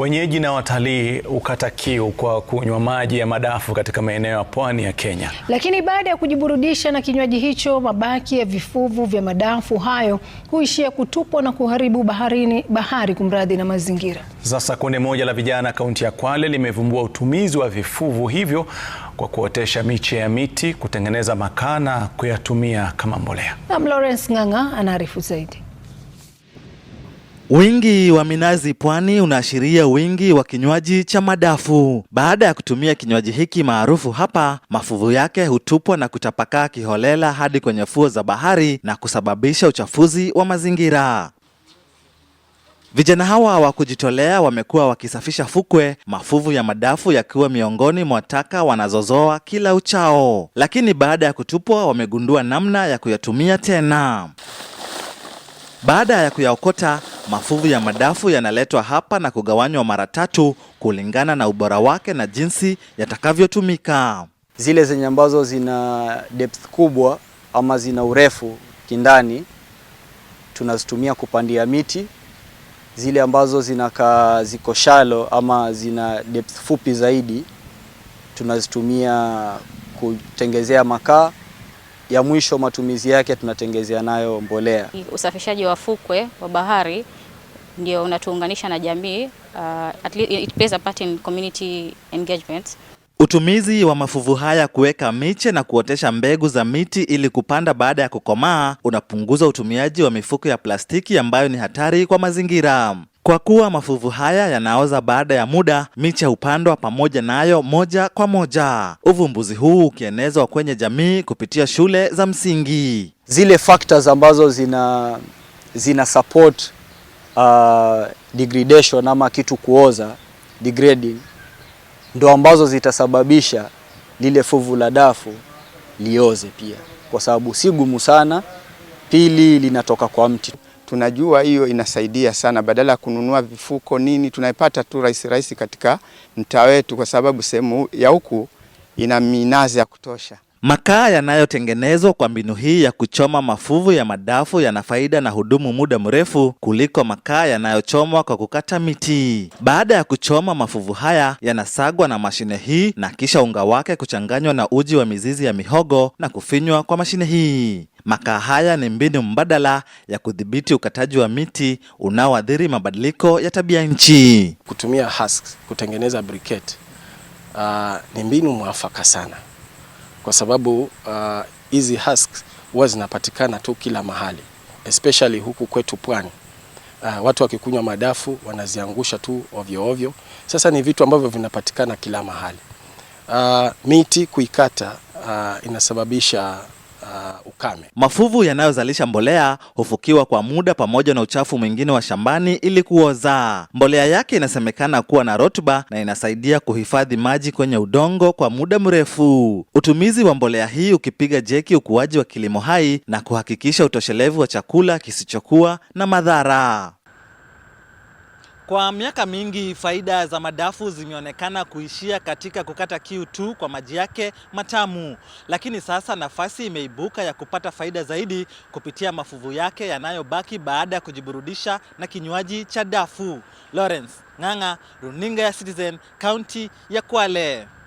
Wenyeji na watalii hukata kiu kwa kunywa maji ya madafu katika maeneo ya pwani ya Kenya. Lakini baada ya kujiburudisha na kinywaji hicho, mabaki ya vifuvu vya madafu hayo huishia kutupwa na kuharibu baharini, bahari kumradhi, na mazingira. Sasa kundi moja la vijana kaunti ya Kwale limevumbua utumizi wa vifuvu hivyo kwa kuotesha miche ya miti, kutengeneza makaa na kuyatumia kama mbolea. Na Lawrence Ng'ang'a anaarifu zaidi. Wingi wa minazi pwani unaashiria wingi wa kinywaji cha madafu. Baada ya kutumia kinywaji hiki maarufu hapa, mafuvu yake hutupwa na kutapakaa kiholela hadi kwenye fuo za bahari na kusababisha uchafuzi wa mazingira. Vijana hawa wa kujitolea wamekuwa wakisafisha fukwe, mafuvu ya madafu yakiwa miongoni mwa taka wanazozoa kila uchao, lakini baada ya kutupwa wamegundua namna ya kuyatumia tena. Baada ya kuyaokota, mafuvu ya madafu yanaletwa hapa na kugawanywa mara tatu kulingana na ubora wake na jinsi yatakavyotumika. Zile zenye ambazo zina depth kubwa ama zina urefu kindani tunazitumia kupandia miti. Zile ambazo zinakaa ziko shalo ama zina depth fupi zaidi tunazitumia kutengezea makaa ya mwisho matumizi yake tunatengezea nayo mbolea. Usafishaji wa fukwe wa bahari ndio unatuunganisha na jamii. Uh, at least it plays a part in community engagement. Utumizi wa mafuvu haya kuweka miche na kuotesha mbegu za miti ili kupanda baada ya kukomaa unapunguza utumiaji wa mifuko ya plastiki ambayo ni hatari kwa mazingira. Kwa kuwa mafuvu haya yanaoza baada ya muda, miche hupandwa pamoja nayo moja kwa moja, uvumbuzi huu ukienezwa kwenye jamii kupitia shule za msingi. Zile factors ambazo zina, zina support uh, degradation ama kitu kuoza degrading, ndo ambazo zitasababisha lile fuvu la dafu lioze pia, kwa sababu si gumu sana. Pili, linatoka kwa mti tunajua hiyo inasaidia sana, badala ya kununua vifuko nini, tunaipata tu rahisi rahisi katika mtaa wetu, kwa sababu sehemu ya huku ina minazi ya kutosha. Makaa yanayotengenezwa kwa mbinu hii ya kuchoma mafuvu ya madafu yana faida na hudumu muda mrefu kuliko makaa yanayochomwa kwa kukata miti. Baada ya kuchoma, mafuvu haya yanasagwa na mashine hii na kisha unga wake kuchanganywa na uji wa mizizi ya mihogo na kufinywa kwa mashine hii. Makaa haya ni mbinu mbadala ya kudhibiti ukataji wa miti unaoathiri mabadiliko ya tabia nchi. Kutumia husks kutengeneza briquette, uh, ni mbinu mwafaka sana kwa sababu uh, hizi uh, husks huwa zinapatikana tu kila mahali especially huku kwetu pwani. Uh, watu wakikunywa madafu wanaziangusha tu ovyo ovyo. Sasa ni vitu ambavyo vinapatikana kila mahali. Uh, miti kuikata uh, inasababisha uh, ukame. Mafuvu yanayozalisha mbolea hufukiwa kwa muda pamoja na uchafu mwingine wa shambani ili kuoza Mbolea yake inasemekana kuwa na rutuba na inasaidia kuhifadhi maji kwenye udongo kwa muda mrefu. Utumizi wa mbolea hii ukipiga jeki ukuaji wa kilimo hai na kuhakikisha utoshelevu wa chakula kisichokuwa na madhara. Kwa miaka mingi faida za madafu zimeonekana kuishia katika kukata kiu tu kwa maji yake matamu, lakini sasa nafasi imeibuka ya kupata faida zaidi kupitia mafuvu yake yanayobaki baada ya kujiburudisha na kinywaji cha dafu. Lawrence Ng'ang'a, runinga ya Citizen, kaunti ya Kwale.